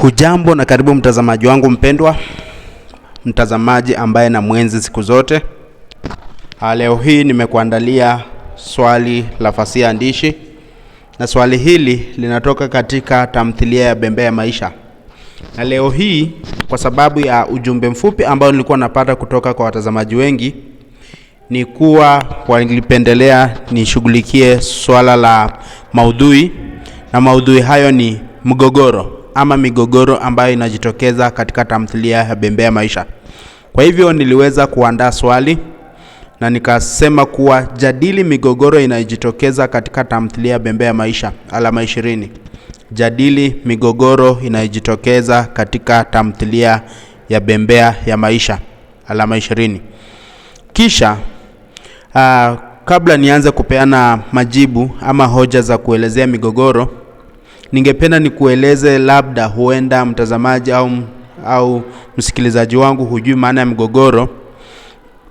Hujambo na karibu mtazamaji wangu mpendwa, mtazamaji ambaye na mwenzi siku zote. Ah, leo hii nimekuandalia swali la fasihi andishi, na swali hili linatoka katika tamthilia ya Bembea ya Maisha. Na leo hii kwa sababu ya ujumbe mfupi ambao nilikuwa napata kutoka kwa watazamaji wengi, ni kuwa walipendelea nishughulikie swala la maudhui, na maudhui hayo ni mgogoro ama migogoro ambayo inajitokeza katika tamthilia ya Bembea Maisha. Kwa hivyo niliweza kuandaa swali na nikasema kuwa jadili migogoro inayojitokeza katika tamthilia ya Bembea Maisha, alama ishirini. Jadili migogoro inayojitokeza katika tamthilia ya Bembea ya Maisha, alama ishirini. Kisha aa, ah, kabla nianze kupeana majibu ama hoja za kuelezea migogoro ningependa nikueleze, labda huenda mtazamaji au, au msikilizaji wangu hujui maana ya mgogoro.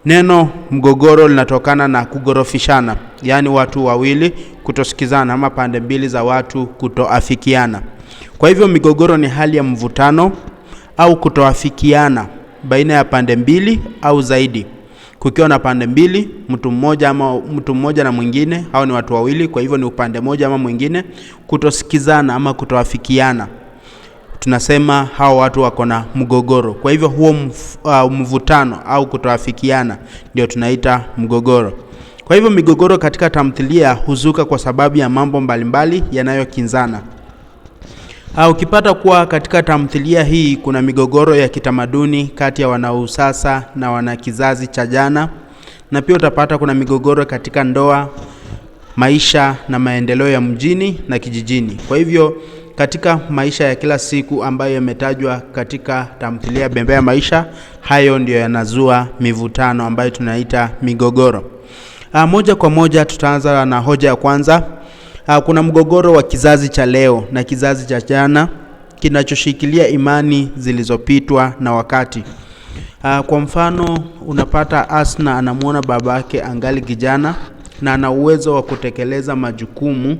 Neno mgogoro linatokana na kugorofishana, yaani watu wawili kutosikizana ama pande mbili za watu kutoafikiana. Kwa hivyo migogoro ni hali ya mvutano au kutoafikiana baina ya pande mbili au zaidi kukiwa na pande mbili, mtu mmoja ama mtu mmoja na mwingine, hao ni watu wawili, kwa hivyo ni upande mmoja ama mwingine, kutosikizana ama kutoafikiana, tunasema hao watu wako na mgogoro. Kwa hivyo huo uh, mvutano uh, au kutoafikiana ndio tunaita mgogoro. Kwa hivyo migogoro katika tamthilia huzuka kwa sababu ya mambo mbalimbali yanayokinzana. Ha, ah, ukipata kuwa katika tamthilia hii kuna migogoro ya kitamaduni kati ya wanausasa na wanakizazi cha jana, na pia utapata kuna migogoro katika ndoa, maisha na maendeleo ya mjini na kijijini. Kwa hivyo katika maisha ya kila siku ambayo yametajwa katika tamthilia Bembea ya Maisha, hayo ndio yanazua mivutano ambayo tunaita migogoro. Ha, ah, moja kwa moja tutaanza na hoja ya kwanza. Ah, kuna mgogoro wa kizazi cha leo na kizazi cha jana kinachoshikilia imani zilizopitwa na wakati. Ah, kwa mfano, unapata Asna anamwona babake angali kijana na ana uwezo wa kutekeleza majukumu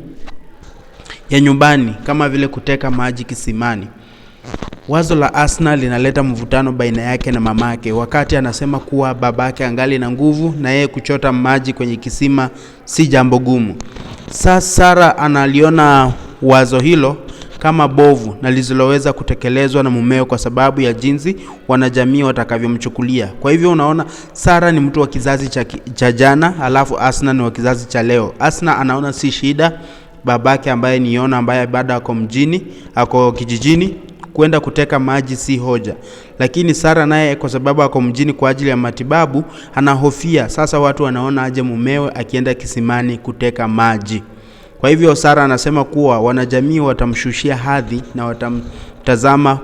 ya nyumbani kama vile kuteka maji kisimani. Wazo la asna linaleta mvutano baina yake na mamake, wakati anasema kuwa babake angali na nguvu na yeye kuchota maji kwenye kisima si jambo gumu. Sasa Sara analiona wazo hilo kama bovu na lisiloweza kutekelezwa na mumeo kwa sababu ya jinsi wanajamii watakavyomchukulia. Kwa hivyo unaona, Sara ni mtu wa kizazi cha, cha jana, alafu Asna ni wa kizazi cha leo. Asna anaona si shida babake ambaye ni Yona ambaye bado ako mjini, ako kijijini kwenda kuteka maji si hoja, lakini Sara naye kwa sababu ako mjini kwa ajili ya matibabu anahofia sasa watu wanaona aje mumewe akienda kisimani kuteka maji. Kwa hivyo Sara anasema kuwa wanajamii watamshushia hadhi na watamtazama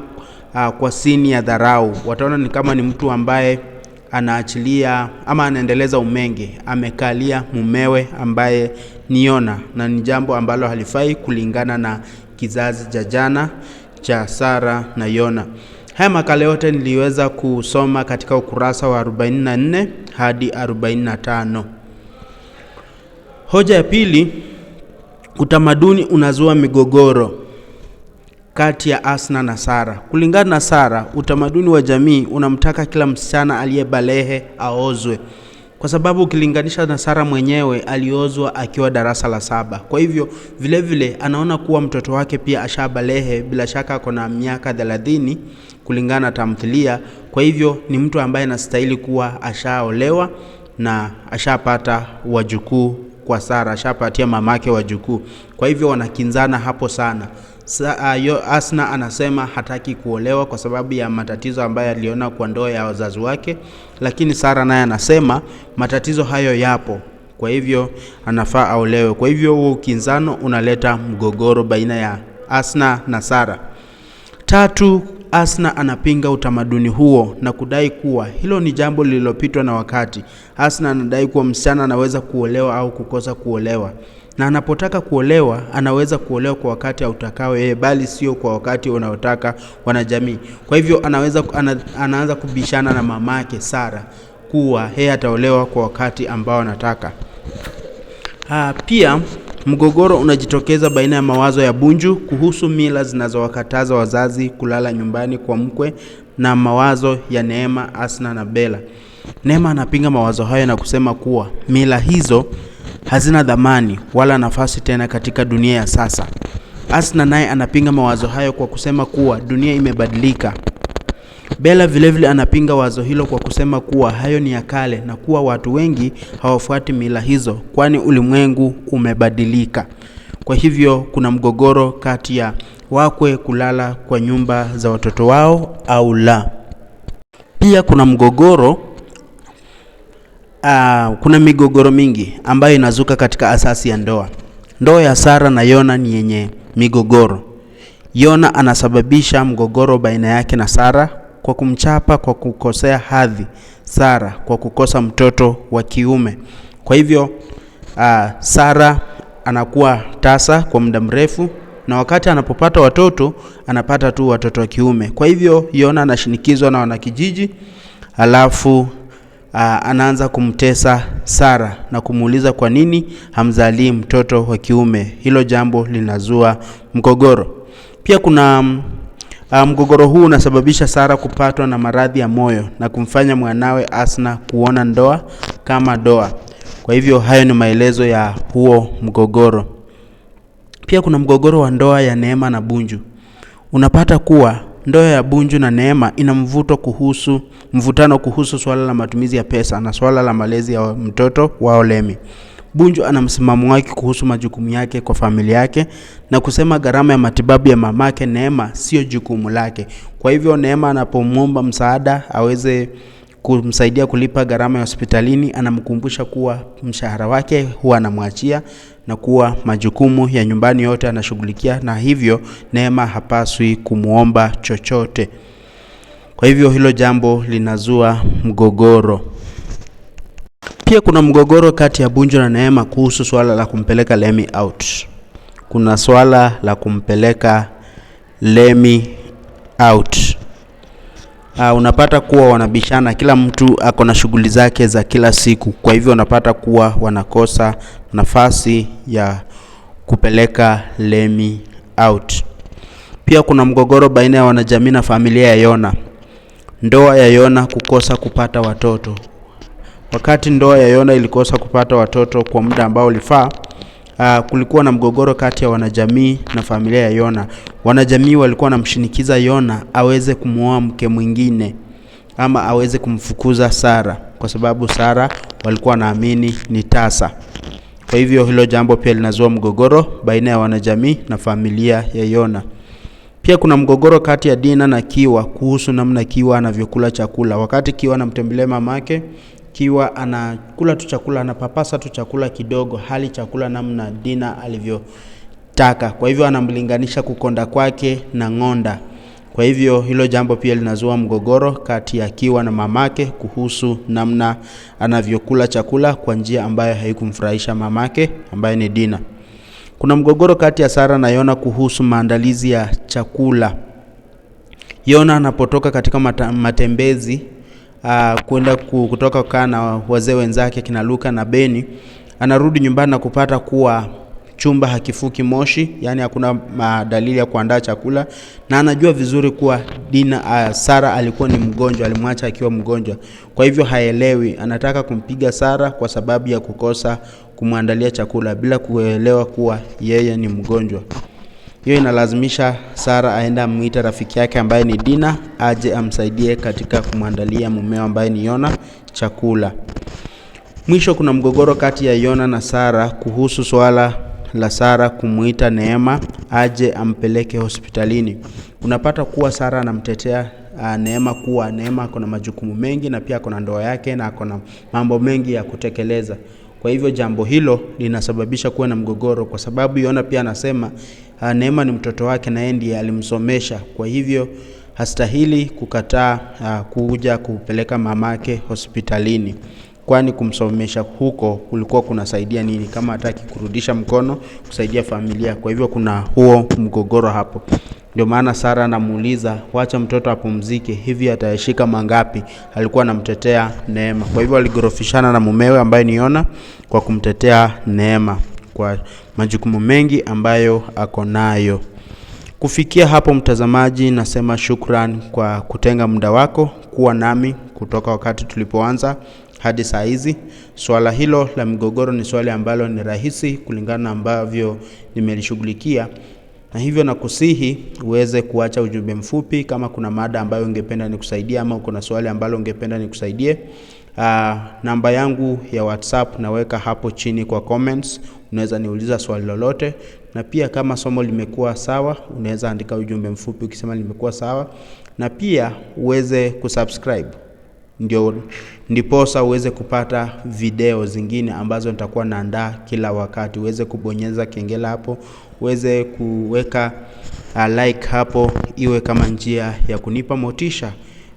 uh, kwa sini ya dharau. Wataona ni kama ni mtu ambaye anaachilia ama anaendeleza umenge, amekalia mumewe ambaye niona, na ni jambo ambalo halifai kulingana na kizazi cha jana cha Sara na Yona. Haya makala yote niliweza kusoma katika ukurasa wa 44 hadi 45. Hoja ya pili, utamaduni unazua migogoro kati ya Asna na Sara. Kulingana na Sara, utamaduni wa jamii unamtaka kila msichana aliyebalehe aozwe kwa sababu ukilinganisha na Sara mwenyewe aliozwa akiwa darasa la saba. Kwa hivyo vilevile vile, anaona kuwa mtoto wake pia ashabalehe, bila shaka ako na miaka thelathini kulingana na tamthilia. Kwa hivyo ni mtu ambaye anastahili kuwa ashaolewa na ashapata wajukuu kwa Sara, ashapatia mamake wajukuu. Kwa hivyo wanakinzana hapo sana. Sa, uh, Asna anasema hataki kuolewa kwa sababu ya matatizo ambayo aliona kwa ndoa ya wazazi wake, lakini Sara naye anasema matatizo hayo yapo, kwa hivyo anafaa aolewe. Kwa hivyo huo ukinzano unaleta mgogoro baina ya Asna na Sara. Tatu, Asna anapinga utamaduni huo na kudai kuwa hilo ni jambo lililopitwa na wakati. Asna anadai kuwa msichana anaweza kuolewa au kukosa kuolewa na anapotaka kuolewa anaweza kuolewa kwa wakati autakao yeye, bali sio kwa wakati unaotaka wanajamii. Kwa hivyo anaweza ana, anaanza kubishana na mamake Sara kuwa yeye ataolewa kwa wakati ambao anataka. Ah, pia mgogoro unajitokeza baina ya mawazo ya Bunju kuhusu mila zinazowakataza wazazi kulala nyumbani kwa mkwe na mawazo ya Neema, Asna na Bella. Neema anapinga mawazo hayo na kusema kuwa mila hizo hazina dhamani wala nafasi tena katika dunia ya sasa. Asna naye anapinga mawazo hayo kwa kusema kuwa dunia imebadilika. Bela vilevile anapinga wazo hilo kwa kusema kuwa hayo ni ya kale na kuwa watu wengi hawafuati mila hizo, kwani ulimwengu umebadilika. Kwa hivyo kuna mgogoro kati ya wakwe kulala kwa nyumba za watoto wao au la. Pia kuna mgogoro uh, kuna migogoro mingi ambayo inazuka katika asasi ya ndoa. Ndoa ya Sara na Yona ni yenye migogoro. Yona anasababisha mgogoro baina yake na Sara kwa kumchapa kwa kukosea hadhi Sara kwa kukosa mtoto wa kiume. Kwa hivyo uh, ah, Sara anakuwa tasa kwa muda mrefu na wakati anapopata watoto anapata tu watoto wa kiume. Kwa hivyo Yona anashinikizwa na wanakijiji, alafu Ah, anaanza kumtesa Sara na kumuuliza kwa nini hamzalii mtoto wa kiume. Hilo jambo linazua mgogoro. Pia kuna ah, mgogoro huu unasababisha Sara kupatwa na maradhi ya moyo na kumfanya mwanawe Asna kuona ndoa kama doa. Kwa hivyo hayo ni maelezo ya huo mgogoro. Pia kuna mgogoro wa ndoa ya Neema na Bunju. Unapata kuwa ndoa ya Bunju na Neema ina mvuto kuhusu, mvutano kuhusu swala la matumizi ya pesa na swala la malezi ya mtoto wao Lemi. Bunju ana msimamo wake kuhusu majukumu yake kwa familia yake na kusema gharama ya matibabu ya mamake Neema sio jukumu lake. Kwa hivyo Neema anapomwomba msaada aweze kumsaidia kulipa gharama ya hospitalini, anamkumbusha kuwa mshahara wake huwa anamwachia na kuwa majukumu ya nyumbani yote anashughulikia, na hivyo Neema hapaswi kumwomba chochote. Kwa hivyo hilo jambo linazua mgogoro. Pia kuna mgogoro kati ya Bunju na Neema kuhusu swala la kumpeleka Lemi out. Kuna swala la kumpeleka Lemi out uh, unapata kuwa wanabishana, kila mtu ako na shughuli zake za kila siku. Kwa hivyo unapata kuwa wanakosa nafasi ya kupeleka Lemi out. Pia kuna mgogoro baina ya wanajamii na familia ya Yona. Ndoa ya Yona kukosa kupata watoto. Wakati ndoa ya Yona ilikosa kupata watoto kwa muda ambao ulifaa, uh, kulikuwa na mgogoro kati ya wanajamii na familia ya Yona. Wanajamii walikuwa wanamshinikiza Yona aweze kumwoa mke mwingine ama aweze kumfukuza Sara kwa sababu Sara walikuwa wanaamini ni tasa. Kwa hivyo hilo jambo pia linazua mgogoro baina ya wanajamii na familia ya Yona. Pia kuna mgogoro kati ya Dina na Kiwa kuhusu namna Kiwa anavyokula chakula. Wakati Kiwa anamtembelea mamake, akiwa anakula tu chakula, anapapasa tu chakula kidogo, hali chakula namna Dina alivyotaka. Kwa hivyo anamlinganisha kukonda kwake na ng'onda. Kwa hivyo hilo jambo pia linazua mgogoro kati ya Kiwa na mamake kuhusu namna anavyokula chakula kwa njia ambayo haikumfurahisha mamake ambaye ni Dina. Kuna mgogoro kati ya Sara na Yona kuhusu maandalizi ya chakula. Yona anapotoka katika matembezi uh, kwenda kutoka kukaa na wazee wenzake kina Luka na Beni, anarudi nyumbani na kupata kuwa chumba hakifuki moshi, yani hakuna ah, dalili ya kuandaa chakula, na anajua vizuri kuwa Dina, uh, ah, Sara alikuwa ni mgonjwa, alimwacha akiwa mgonjwa. Kwa hivyo haelewi, anataka kumpiga Sara kwa sababu ya kukosa kumwandalia chakula bila kuelewa kuwa yeye ni mgonjwa. Hiyo inalazimisha Sara aende amwite rafiki yake ambaye ni Dina aje amsaidie katika kumwandalia mumeo ambaye ni Yona chakula. Mwisho kuna mgogoro kati ya Yona na Sara kuhusu swala la Sara kumwita Neema aje ampeleke hospitalini. Unapata kuwa Sara anamtetea uh, Neema kuwa Neema ako na majukumu mengi na pia ako na ndoa yake na ako na mambo mengi ya kutekeleza. Kwa hivyo jambo hilo linasababisha kuwa na mgogoro, kwa sababu Yona pia anasema Ah, Neema ni mtoto wake na yeye ndiye alimsomesha, kwa hivyo hastahili kukataa uh, kuja kupeleka mamake hospitalini, kwani kumsomesha huko kulikuwa kunasaidia nini kama hataki kurudisha mkono kusaidia familia? Kwa hivyo kuna huo mgogoro hapo. Ndio maana Sara anamuuliza, wacha mtoto apumzike, hivi atayashika mangapi? Alikuwa anamtetea Neema. Kwa hivyo aligorofishana na mumewe ambaye niona kwa kumtetea Neema kwa majukumu mengi ambayo ako nayo. Kufikia hapo, mtazamaji, nasema shukran kwa kutenga muda wako kuwa nami kutoka wakati tulipoanza hadi saa hizi. Swala hilo la migogoro ni swali ambalo ni rahisi kulingana na ambavyo nimelishughulikia, na hivyo nakusihi uweze kuacha ujumbe mfupi kama kuna mada ambayo ungependa nikusaidie ama kuna swali ambalo ungependa nikusaidie. Uh, namba yangu ya WhatsApp naweka hapo chini kwa comments unaweza niuliza swali lolote, na pia kama somo limekuwa sawa, unaweza andika ujumbe mfupi ukisema limekuwa sawa, na pia uweze kusubscribe ndio ndiposa uweze kupata video zingine ambazo nitakuwa naandaa kila wakati. Uweze kubonyeza kengele hapo, uweze kuweka uh, like hapo, iwe kama njia ya kunipa motisha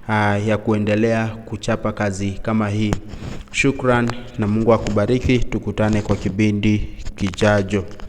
uh, ya kuendelea kuchapa kazi kama hii. Shukran na Mungu akubariki. Tukutane kwa kipindi kijacho.